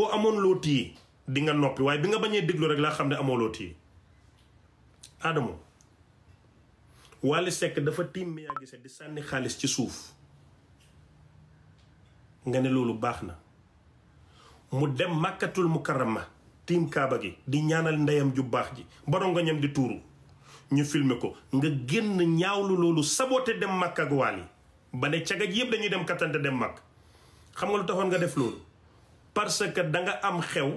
boo amoon loo téye di nga noppi waaye bi nga bañee déglu rek laa xam ne amoo loo téye Adamo Wally Seck dafa tiim yaa gise di sànni xaalis ci suuf nga ne loolu baax na mu dem màkkatul ma tiim kaaba gi di ñaanal ndeyam ju baax ji barongoñam di tuuru ñu filmer ko nga génn ñaawlu loolu saboté dem màkk ak yi ba ne cagaj yëpp dañuy dem kattante dem màkk xam nga lu taxoon nga def loolu parce que danga am xew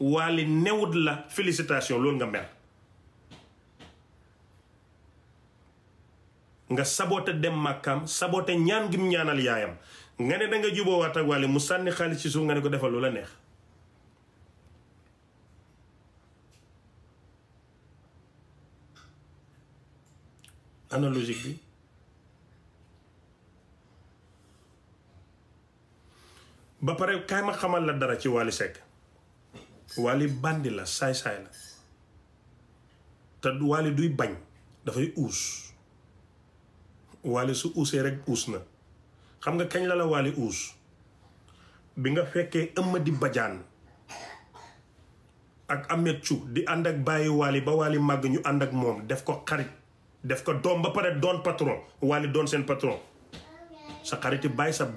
waali newut la félicitation loolu nga mer nga saboté dem màkkaam saboté ñaan gim ñaanal yaayam nga ne danga nga juboowaat ak mu sànni xaalis ci suuf nga ne ko defal lu la neex analogique bi ba pare kay ma xamal la dara ci wali sek wali bandi la say say la te wali duy da fay ous wali su ousé rek ous na xam nga kagn la la wali ous bi nga eum di badian ak amé Thiou di andak bayi wali, ba wali mag ñu andak mom def ko xarit def ko dom ba pare don patron wali don sen patron sa xariti bàyyi sa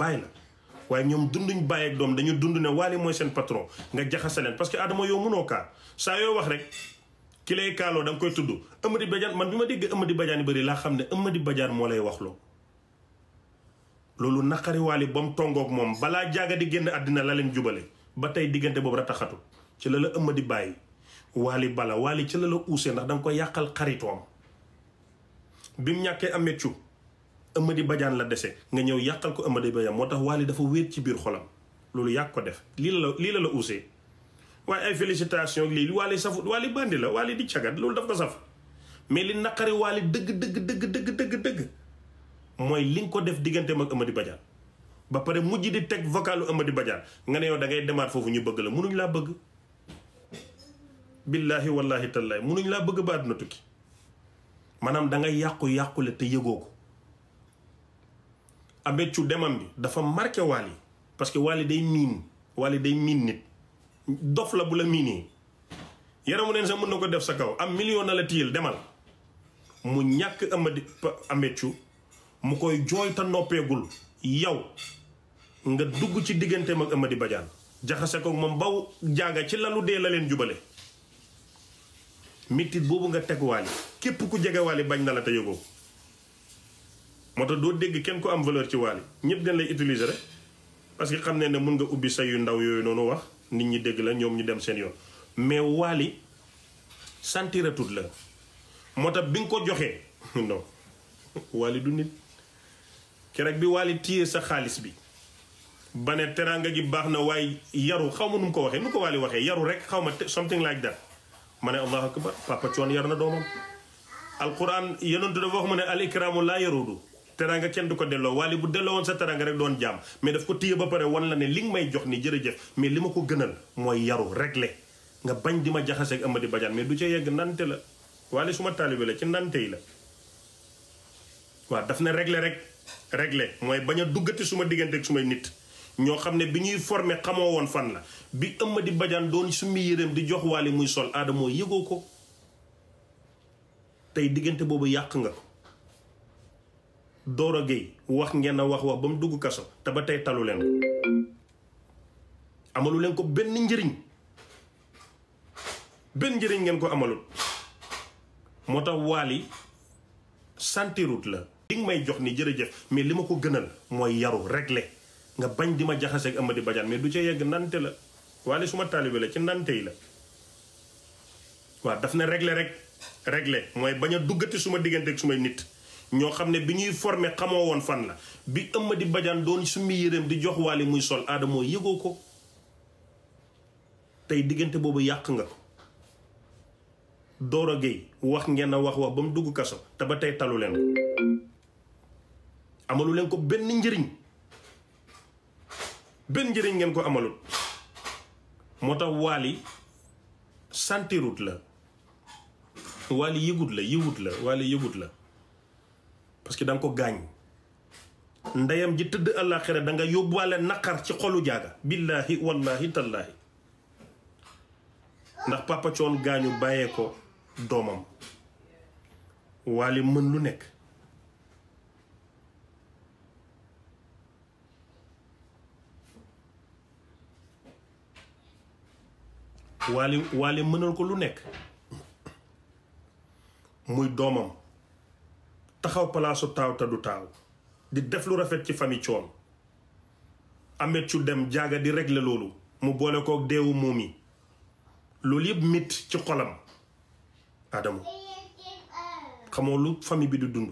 waye ñom dunduñ baye ak dom dañu dundu ne wali moy sen patron nga jaxase leen parce que adama yo mëno ka sa yo wax rek ki lay kalo dang koy tuddu amadi Badiane man bima ma amadi Amady Badiane yi bëri laa xam ne Amady Badiane moo lay waxloo loolu naqari waali ba mu tongoog moom di genn adina la leen jubale ba tey bobu ra taxatu ci la la amadi baye wali bala wali ci la la uusee ndax dang koy yakal xaritom bim ñaké amé ñàkkee ëmmadi bajaan la dese nga ñëw yakal ko ëmmadi bajaan motax wali dafa wër ci biir xolam loolu yak ko def li la lii la la uusee waaye ay félicitations li wali wali wali bandi la wali di ciagat loolu daf ko saf mais li nakari wali deug deug deug deug deug deug moy li ko def digënté mak ëmmadi bajaan ba paré mujj di tek vocalu ëmmadi bajaan nga ne yow da ngay demaat fofu ñu bëgg la mënuñ la bëgg billahi wallahi tallahi mënuñ la bëgg baad na tukki manam da nga yaqku te abeccu demam bi dafa marqué Wally parce que Wally day miin Wally day miin nit dof la bu la miinee yaramu neen sax mën na ko def sa kaw am million na la tiyal demal mu ñàkk amadi abeccu mu koy jooy ta noppeegul yow nga dugg ci digganteem ak Amady Badiane jaxase ko moom baw jaaga ci lalu dee la leen jubale mettit boobu nga teg Wally képp ku jege Wally bañ na la te yëgoo moo tax doo dégg kenn ko am valeur ci waali ñëpp dañ lay utiliser rek parce que xam ne ne mun nga ubbi say yu ndaw yooyu noonu wax nit ñi dégg la ñoom ñu dem seen yoon mais waali sentiratut la moo tax bi nga ko joxee non waali du nit keroog bi waali téye sa xaalis bi ba ne teraanga gi baax na waaye yaru xaw ma nu mu ko waxee nu ko waali waxee yaru rek xaw ma something like that ma ne allahu akbar papa coon yar na doomam alquran yenentu dafa wax mu ne al ikramu laa yarudu teranga kenn duko delo wali bu delo won sa teranga rek don jam mais daf ko téye ba pare won la ne ling may jox ni jërëjëf mais lima ko gënal moy yaru réglé nga bañ di ma jaxase ak amadi badian mais du ci yegg nante la wali suma talibé la ci nante yi la wa daf na réglé rek réglé moy baña duggati suma digënté ak suma nit ño xamné biñuy formé xamoo won fan la bi amadi badian don summi yërem di jox wali muy sol adamo moo ko tay digënté bobu yàq nga ko doro gey wax ngeen wax wax bam dugg kaso te ba tay talu len amalu len ko ben njëriñ ben njëriñ ngeen ko amalu motax wali santi santirut la ding may jox ni jërëjëf mais lima ko gënal moy yaru reglé nga bañ di ma jaxase ak amadi badian mais du ci yegg nante la wali suma talibé la ci nante yi la wa daf na reglé rek reglé moy baña duggati suma digënté ak suma nit ñoo xam ne bi ñuy formé xamoo woon fan la bi ëmma di bajaan doon summi yéreem di jox waali muy sol aadamoo yëgoo ko tey diggante boobu yàq nga ko Doro Gueye wax ngeen a wax wax ba mu dugg kaso te ba tey talu leen amalu leen ko benn njëriñ benn njëriñ ngeen ko amalut moo tax waali santirut la waali yëgut la yëgut la waali yëgut la parce que dang ko gaañ ndayam ji teud alakhira da nga yobale nakar ci xolu jaga billahi wallahi tallahi ndax papa coon gañu baye ko domam wali mën lu nek wali wali mënal ko lu nek muy domam. taxaw palaasu taaw te du taaw di def lu rafet ci famille coon amet cu dem jaaga di régler loolu mu boole kook deewu muum yi loolu yëpp mitt ci xolam Adamo xamoo lu famille bi du dund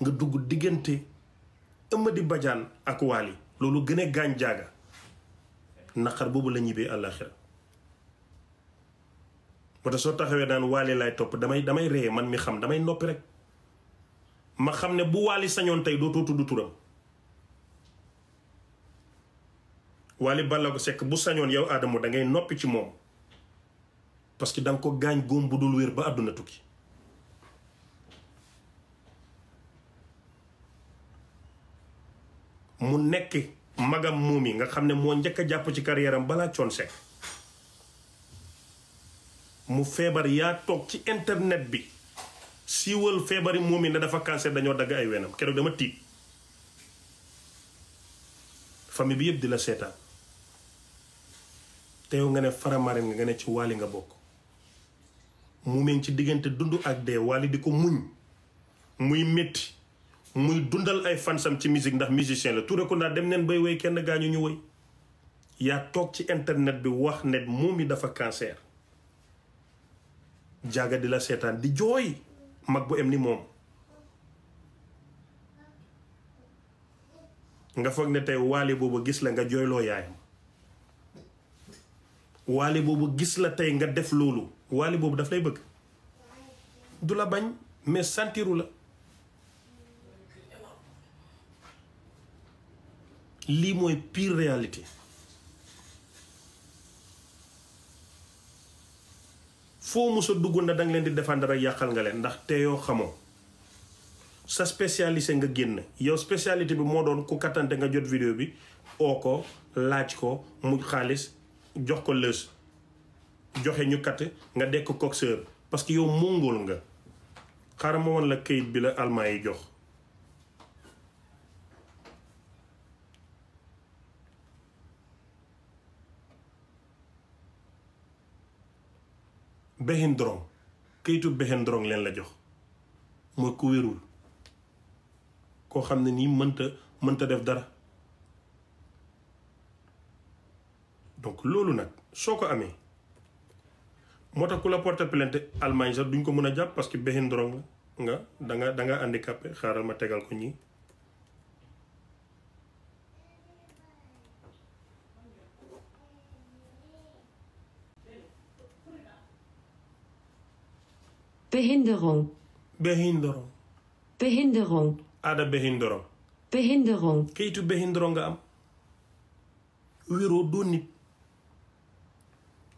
nga dugg diggante Eumeudi bajaan ak Wally loolu gën a gaañ jaaga naqar boobu la ñibbee àllaaxira moo tax soo taxawee daan Wally laay topp damay damay ree man mi xam damay noppi rek ma xamne wali bu wali sañon tay doto tuddu turam wali balago sek bu sañon yow adamu da ngay nopi ci mom parce que dang ko gañ gom bu dul ba aduna tukki mu nek magam mumi nga xamne ne moo japp ci carrière bala balaa sek mu febar ya tok ci internet bi siiwal feebari moom yi ne dafa cancer dañoo dagg ay wenam keroog dama tiit famille bi yëpp di la seetaan te yow nga ne faramaren nga ne ci waali nga bokk mu meñ ci diggante dund ak dee waali di ko muñ muy métti muy dundal ay fansam ci musique ndax musicien la Touré naa dem neen bay woy kenn gaañu ñu woy yaa toog ci internet bi wax ne moom yi dafa cancer jaaga di la seetaan di jooy mag bu em ni moom nga foog ne tey waale boobu gis la nga jooyloo yaay waale boobu gis la tey nga def loolu waale boobu daf lay bëgg du la bañ mais santiru la lii mooy pire réalité foo musa dugg na nga leen di défendre ak yàqal nga leen ndax xamoo sa spécialisé nga génn yow spécialité bi moo doon ku kattante nga jot vidéo bi oo ko laaj ko mu xaalis jox ko lës joxe ñu kat nga dekk coxeur parce que yow mongol nga xaaral ma won la kayit bi la allemand jox bexen dorong kayitu bexen dorong leen la jox mooy ku wérul koo xam ne nii mënta mënta def dara donc loolu nag soo ko amee moo tax ku la porter plainte Allemagne sax duñ ko mën a jàpp parce que bexen dorong la nga danga danga handicapé xaaral ma tegal ko ñii Behinderung. Behinderung. Behinderung. Aɗa behinderung. Behinderung. Keytu behinderung nga am. Wiro do nit.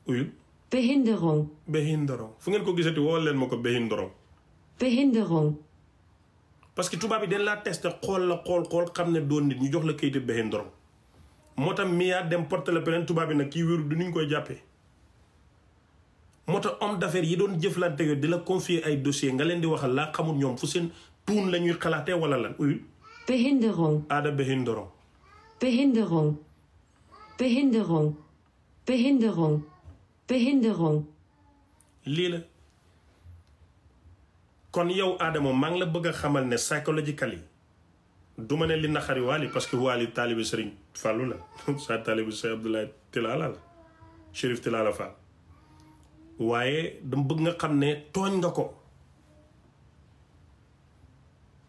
Uyul. Behinderung. Behinderung. Fu ngeen ko gisati woo leen ma behinderung. Behinderung. parce que tu yi dañ testa testé xool la xool xool xam ne doon nit ñu jox la kayitu behinderung moo tax mi yaa dem porte la beneen tubaab du ñu koy moo tax om d'affaires yi doon jëflante yooyu di la confier ay dossier nga leen di waxal laa xamul ñoom fu seen tuun la ñuy xalaatee wala lan uyu Behinderung. Ada Behinderung. Behinderung. Behinderung. lii la kon yow Adama maa ngi la bëgg a xamal ne psychological yi du ne li naxari waali parce que waali taalibe Sëriñ Fàllu la sa taalibe Sëriñ Abdoulaye Tilala la Chérif Tilala Fall waaye dama bëgg nga xam ne tooñ nga ko